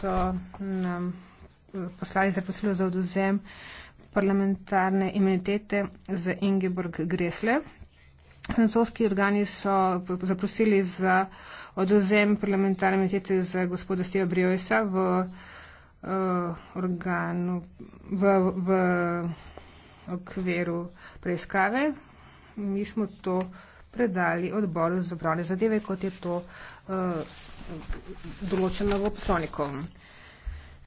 so nam eh, poslali zaposlilo za oduzem parlamentarne imunitete za Ingeborg Gresle. Francoski organi so zaprosili za oduzem parlamentarne imunitete za gospoda Steva Briojsa v uh, organu, v, v okviru preiskave. Mi smo to predali odboru za pravne zadeve, kot je to uh, določena v poslovniku.